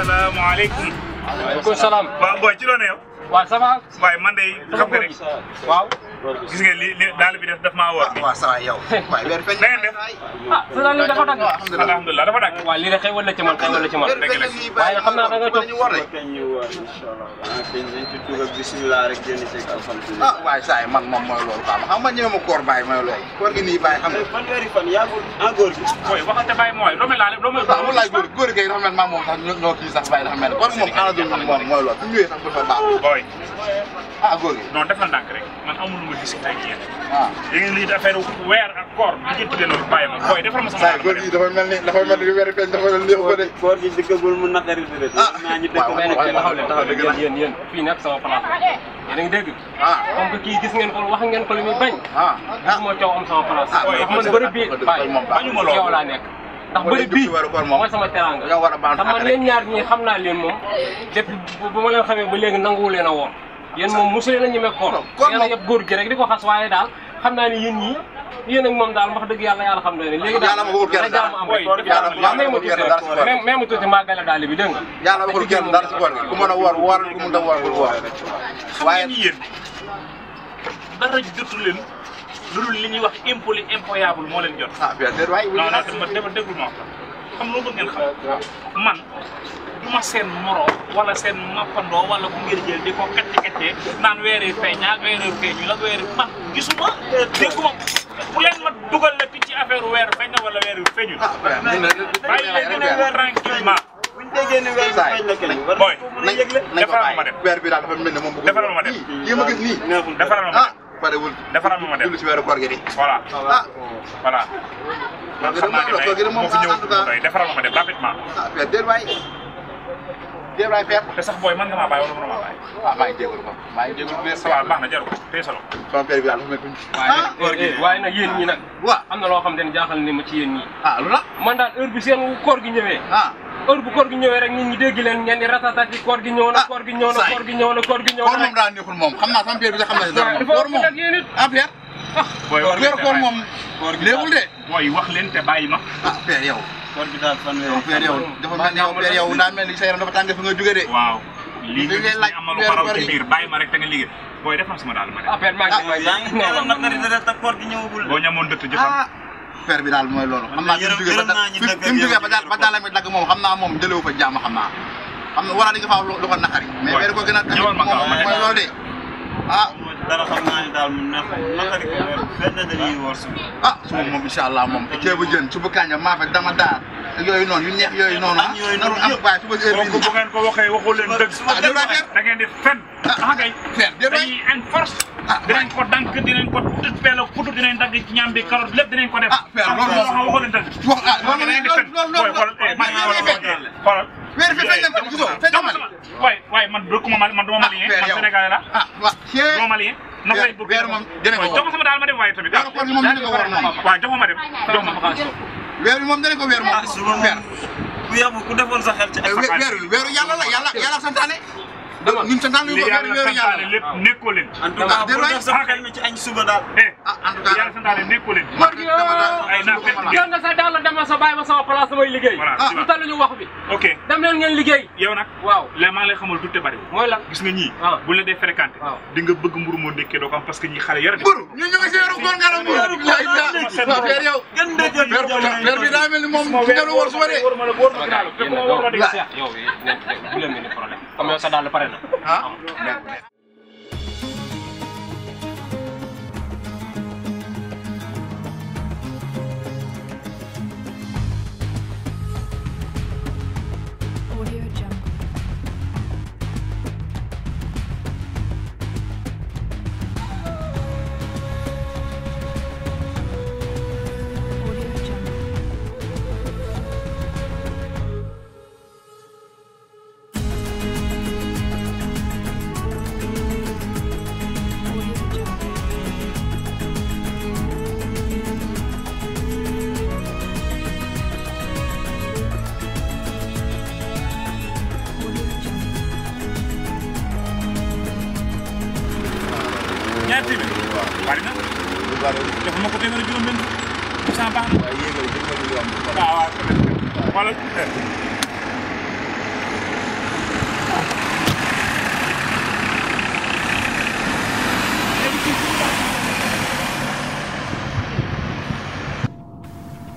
asalaamaaleykum. waaleykum salaam. waaw booy ci doon yow. waaw sama. waaye man de xam nga rek. waaw. gis ngeen li li daal bi def daf maa war. waaw ah, saa yow. waaye weer feeñ na def ah su daal dafa dagg. alhamdulilah dafa dagg. waaw lii de xëy wala ci man xëy wala ci man. dëgg la waaye xam naa da nga toog. ah waaye saa yi man moom mooy loolu quoi xam nga ñëwee ma koor bàyyi mooy loolu. koor gi nii bàyyi xam nga. man weeri fan yaa góor gi. ah góor gi. mooy waxante bàyyi mooy loo mel laa lépp loo mel. waaw walaay góor góor gi dafa mel maa moom sax ñoo kii sax bàyyi dafa mel. kon moom xanaa du moom mooy loolu. bu ñëwee sax dafa baax. booy. ah góor gi. non defal ndànk rek man amul ma gis tey jii léegi lii affaire weer ak koor bi ngeen tuddee loolu bàyyi ma booy defal ma sama saa góor gi dafa mel ni dafa mel ni weer feeñ dafa mel ni ko de góor gi dëggagul mu naqari de ah. naa ñu dëkk benn taxaw leen taxaw leen yéen yéen fii nag sama place yéen a ngi dégg ah. comme que kii gis ngeen ko wax ngeen ko li muy bañ ah. gisuma coow am sama place man bëri bii bañu ma loolu yow laa nekk ndax bëri bii mooy sama teranga te man leen ñaar ñi xam naa leen moom depuis bu ma leen xamee ba léegi nanguwu leen a woon yéen moom mosu leen a ñeme koor yéen a yëpp góor gi di ko xas daal xam naa ni yéen ñii yéen moom daal wax dëgg yàlla yàlla xam na ne léegi daal jàmm am même tuuti maa gala daal bi dégg nga yàlla waxul kenn dara si koor gi ku mën a woor woor ku mën a leen lu dul li ñuy wax impoli impoyable moo leen jot ah bien sûr waay non non dama déglu ma xam loo bëgg ngeen man du ma seen moro nekkee naan weer yi feeñ ak weer yi feeñu la weer man gisuma euh, dégguma bu leen ma dugal la ci affaire weer feeñ na wala weer yu feeñu. Ah, bàyyi leen ne tranquillement buñ déggee ne weer feeñ la kenn booy defaral ma dem weer bi daal dafa mel ne moom defaral ma dem lii ma gis nii defaral ma dem ah, parewul defaral ma dem ci weeru koor gi di voilà ah. voilà man xam naa ne moo fi ñëw doy defaral ma dem rapidement dia laay feer. te sax booy mën nga rumah bàyyi wala mën maa bàyyi. waaw maa ngi jégalu ko maa ngi jégalu bu sa waay baax na ah koor gi waaye nag yéen ñi nag. waaw am na loo xam ne jaaxal ni ah lu la. man daal heure bi seen koor gi ah heure bu koor gi ñëwee rek nit ñi dégg leen ngeen di ratatati koor gi ñëw na. koor gi ñëw na koor gi ñëw na koor gi ñëw na. koor moom daal neexul moom xam ah ah, ah. koor gi daal fanweeri. père yow dafa mel ni yow père yow daa mel ni sa yaram dafa tàngee fa nga jógee de. waaw lii nga gis ne amalu ko raw ci biir bàyyi ma rek te nga liggéey. booy defal sama daal ma dem. ah père maa ngi lay ah, wax maa ngi lay ah, père bi daal mooy loolu xam naa fi mu jógee ba daal ba daal la dagg moom xam naa moom jëlewu fa jàmm xam naa xam na wara li nga faa lu ko naqari mais père ko gën a tax moom mooy loolu de ah dara xam naa ni daal mu neex naka di ko benn dañuy woor suba. ah suba moom incha allah moom ceebu jën suba kànja maafe dama daar. yooyu noonu yu neex yooyu noonu ah. naru am waaye su ma heure bii bu ngeen ko waxee waxu leen dëgg. ah déedéet waay da ngeen di fen. ah, ah, ah kay fen déedéet waay dañuy en force. ah dinañ ko dank dinañ ko peel ak putu dinañ dagg ci ñaam bi carotte lépp dinañ ko def. ah fen ah, loolu moom waxu leen dëgg. wax ah loolu loolu loolu xoolal weer eh, bi feeñ na gisoo feeñ na Mali. waay waay man dëkkuma Mali man duma malien man sénégalais la. ah waaw séeréer duma malien. na koy bëgg weer moom dina ko war waaw jox ma sama daal ma dem waaye tamit. waaw jox ma ma dem jox ma. weer bi moom weeru ah, eh, yàlla la yàlla yàlla santaane. dama li yàlla santaane lépp nekkoo leen. Ah, def sa xel suba daal. Eh, ah en tout cas yàlla santaane sa daal la sa bàyyi ma sama place damay liggéey. voilà si waaw lu wax bi. ok dem leen liggéey. yow nag waaw léegi maa ngi lay xamal te bari. mooy lan gis nga ñii. waaw la dee fréquenté. waaw di nga bëgg mburu moo ndékkee doo parce que ñi xale yore. mburu ñu ñu ngi si yoru góor nga la mburu. yoru góor nga la yow. gën de jël per bi daa mel ni moom su ngeen wóor su ma dee. daal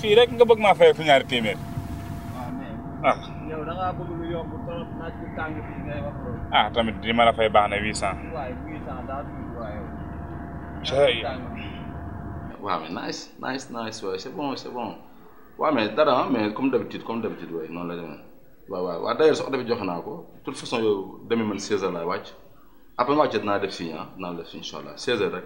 fii rek nga bëgg maa fay fu ñaari ah ah tamit li ma la fay baax na huit cent. waaye huit cent daa tuuti waaye. bon c'est bon. Oui mais dara hein, mais comme d'habitude comme d'habitude d'ailleurs oto bi de toute façon yow demi 16 heures laay après ma dinaa def ah dinaa def 16 heures rek.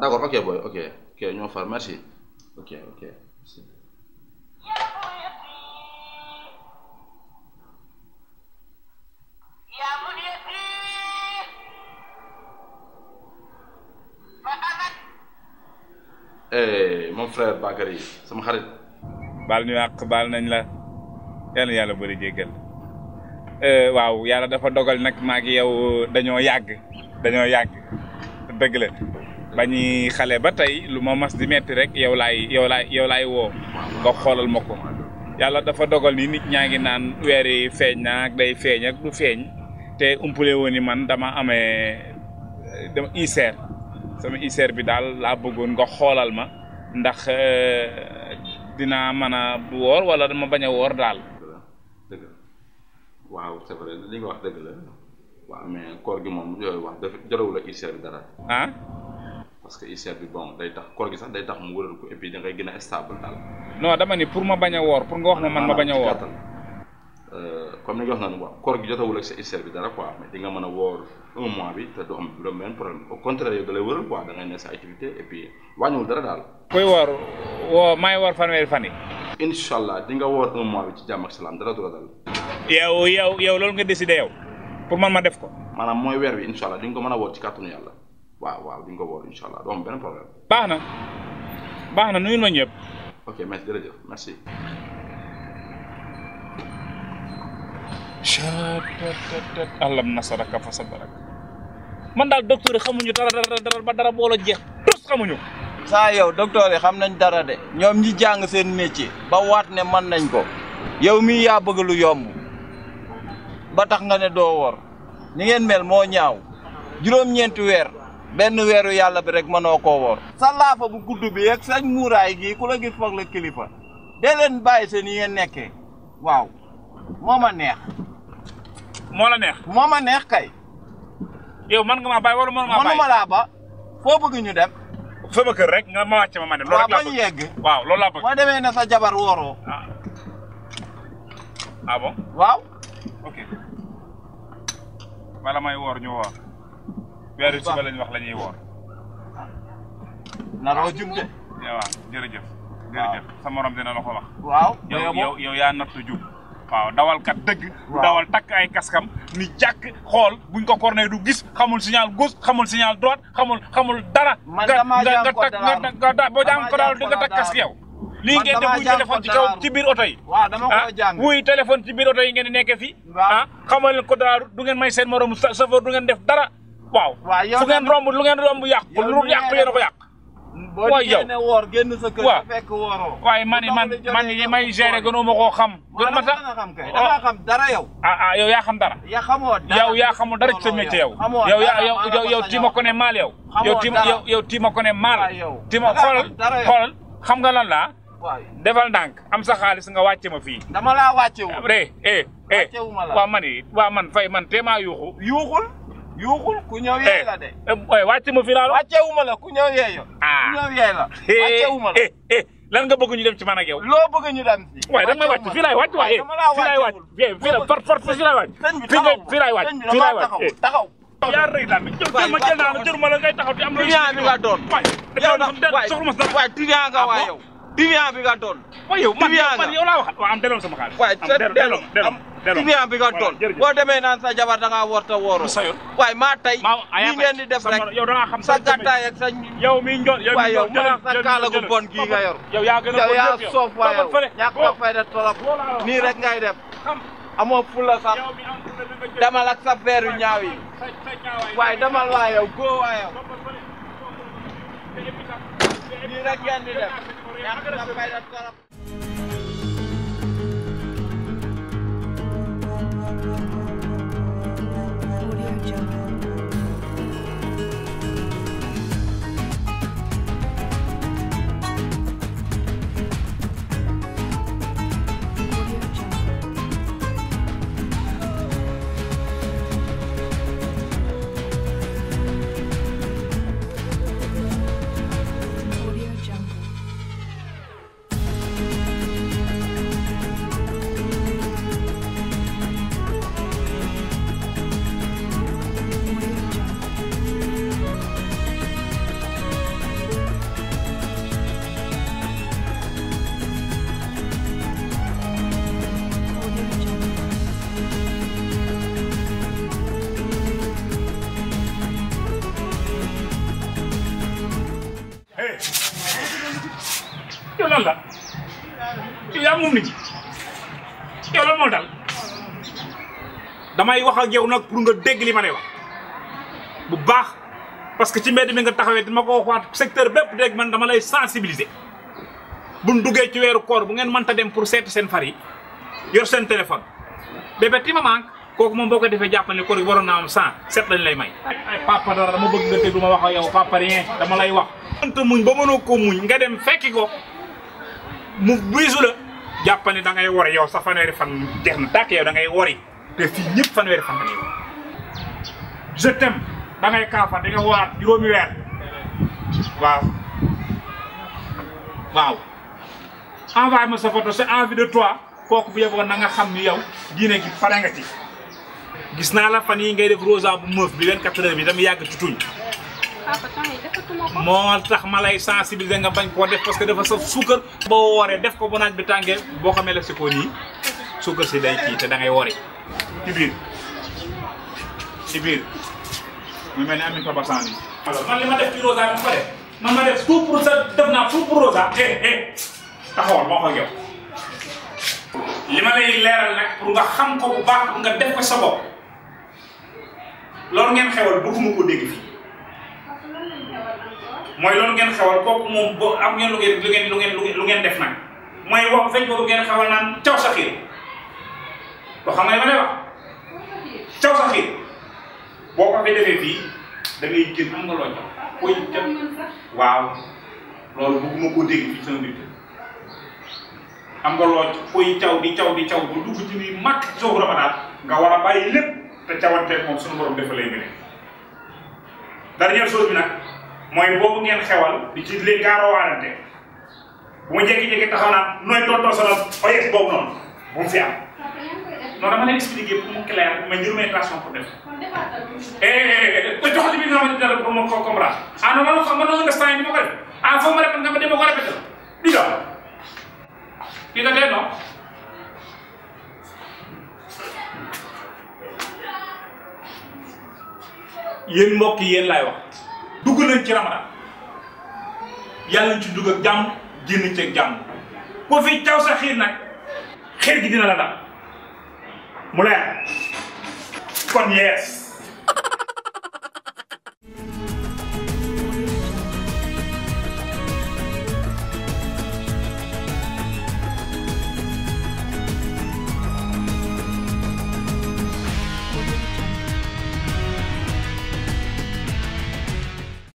d'accord ok ok ok merci ok ok. mon frère Bakary sama xarit. bal ñu àq bal nañ la yalla yalla bari jéggal eh, waaw yalla dafa dogal nak ma ngi yow dañoo yàgg dañoo yàgg deug la bañi xalé ba tay lu mo mas di metti rek yow lay yow lay yow lay wo ba xolal mako yalla dafa dogal ni nit ñaangi naan weer feñ feeñ na ak day feñ ak du feñ te umpulé woni man dama amé dama iseer sama iseer bi dal la bëggoon nga xolal ma ndax eh, dinaa man a woor wala dama bañ a woor daal. dëgg la waaw c'est li nga wax dëgg la waaw mais koor gi moom yooyu wax dafa jarawu bi dara. ah. parce que ISRA bi bon day tax koor gi sax day tax mu wëral ko et puis da ngay gën a stable daal. non dama ni pour ma bañ a woor pour nga wax ma man ma bañ a woor. Euh, comme ni nga na naan waaw koor gi jotawul ak sa ISRA bi dara ko mais di nga mën a woor un mois bi te du am juróom o problème au contraire yow da lay wëral quoi da ngay ne sa activité et puis wàññiwul dara daal. koy woor woo maa ngi woor fanweeri fan yi. incha allah di nga woor un mois bi ci jàmm ak salaam dara du dal. yow yow yow loolu nga décidé yow pour man ma def ko. maanaam mooy weer bi incha allah di nga ko mën a woor ci kàttanu yàlla waaw waaw di nga ko woor incha allah du am benn problème. baax na baax na nuyu ma ñëpp. ok alam nasaraka man daal docteur yi dara dara ba dara boolo jeex tus xamuñu saa yow docteur yi xam nañ dara de ñoom ñi jàng seen métier ba ne man nañ ko yow mii yaa bëgg lu yomb ba tax nga ne doo wor ni ngeen mel moo ñaaw juróom-ñeenti weer benn weeru yàlla bi rek mënoo koo wor sa laafa bu gudd bi ak sañ muuraay gi ku la gis foog la kilifa dee leen bàyyi seen waaw moo ma neex moo la neex moo ma neex kay. yow mën nga maa bàyyi wala mën nga maa bàyyi ba foo bëgg ñu dem. sama kër rek nga ma wàcc ma ma ne. loolu rek laa bëgg waaw yegg. waaw loolu laa bëgg. moo demee ne sa jabar wooroo. ah ah bon. waaw. ok bala may woor ñu woor. weeru suba lañ wax la ñuy woor. naroo jum de. waaw jërëjëf. jërëjëf sa morom dina la ko wax. waaw yow yow yaa nattu jub. waaw kat dëgg. dawal takk ay kaskam ni jàkk xool buñ ko corné du gis xamul signal gauche xamul signal droite xamul xamul dara. man damaa jaam ko dara nga nga nga boo jaam ko dara di nga takk kask yow. ngeen def wuy téléphone ci kaw ci biir oto yi. waaw dama ah, ko jàng wuy téléphone ci biir yi ngeen di nekkee fi ah xamal leen ko dara du ngeen may seen moromu chauffeur du ngeen def dara. waaw fu ngeen romb lu ngeen romb yàq lu yàq yéen a ko yàq. waaw yow boo woor génn sa kër nga fekk wooroo. waaye man man man li may gérer gënu xam. gënu ma oh. xam dara yow. ah ah yow yaa xam dara. yaa xamoo dara yow yaa xamul dara ci sa métier yow. yow yaa ko ne maal yow. yow tiima yow ne maal. tiima xoolal xoolal xam nga lan laa. defal ndànk am sa xaalis nga wàcce ma fii. dama eh eh eh. la waaw man it waaw man fay man téemaa yuuxul. yuuxul ku ñëw yeey la de. Eh, eh, eh, wàcce ma final. wàcce wu ma la ku ñëw yeey la. Ah. ku ñëw yeey la wàcce wu ma la. lan nga bëgg ñu dem ci man ak yow. loo bëgg ñu dem ci. waaye dama wàcc fii laay wàcc waaye fii laay wàcc. fii la par par fii laay wàcc. fii nga fii laay wàcc fii laay wàcc. taxaw yaa rëy laa jël ma jël naa la jël ma la ngay taxaw di am. tuñaa bi nga doon. waay waay tuñaa nga ah, waay yow. tuñaa bi nga doon. waay yow man yow laa waxal waaw am delloo sama xaalis. waay am delloo delloo client bi nga doon boo demee naan sa jabar da ngaa warta wóoroo waaye maa tey ñi ngeen di def rek sa gàttaay ak sa yow mi ñoo yow mu sa kaala gu bon gii nga yor yow yaa soof waa yow ñàkk nga fayda trop nii rek ngay def amoo fula sax demal ak sa verre yu ñaaw yi waaye yow góo waa yow nii rek ngeen di def ñàkk nga fayda trop Joe. damay wax ak yow nag pour nga dégg li ma wax bu baax parce que ci mbedd mi nga taxawee dama ko waxaat secteur bépp dégg man dama lay sensibiliser buñ duggee ci weeru koor bu ngeen mënta dem pour yor téléphone bébé ti koor am lañ lay may. ay papa dara dama bëgg nga déglu wax ak yow papa rien dama lay wax. mënta muñ ba mënoo ko muñ nga dem fekki ko. mu biisu la jàpp ne da ngay wori yow sa fanweeri fan jeex na tàkk yow da ngay wori te fii ñëpp fanweeri fan la je t'aime da ngay kaafa di nga waat juróomi weer waaw waaw envoyé ma sa photo c'est envie de toi kooku bu yeboon na nga xam ni yow diine gi pare nga ci gis naa la fan yi ngay def rosa bu meuf bi 24 heures bi dama yàgg ci tuñ motax malay ma nga bañ ko def parce que dafa sauf suukar bo woré def ko bonaj bi tangé bo xamé la ciko ni nii ci day ci té da ngay woré ci bir ci bir mu melni ni amin fa basan bi man lima def ci rosa bi fa def man ma def tout pour ça def na tout pour rosa hé hé taxawal mo ko yow lima lay léral nak pour nga xam ko bu baax nga def ko sa bop lor ngeen xewal bu ko mu ko dégg fi mooy loolu ngeen xewal kooku moom boo am ngeen lu ngeen lu ngeen def nag mooy wax feñ boobu ngeen xewal naan caw sa xiir loo xam caw sa xiir boo ko fii da ngay nga loo jox koy dégg fii sama biir caw di caw di caw bu dugg ci biir màkk ci nga war a bàyyi lépp te cawanteeg moom suñu borom dafa lay beneen dernière chose bi nag mooy boobu ngeen xewal di ci léegi gaaroo waarante bu ma jékki-jékki taxaw naa nooy tontoo sonal oyeef boobu noonu bu mu fi am. non dama leen expliqué pour mu clair ni ma ko def ah foo ma répété nga ma dem ma ko répété di nga wax di nga laay wax. dugg nañ ci ramadan yàlla ñu ci dugg ak jàmm génn ci ak jàmm fi taw sa xiir nag xiir gi dina la dal mu leer kon yees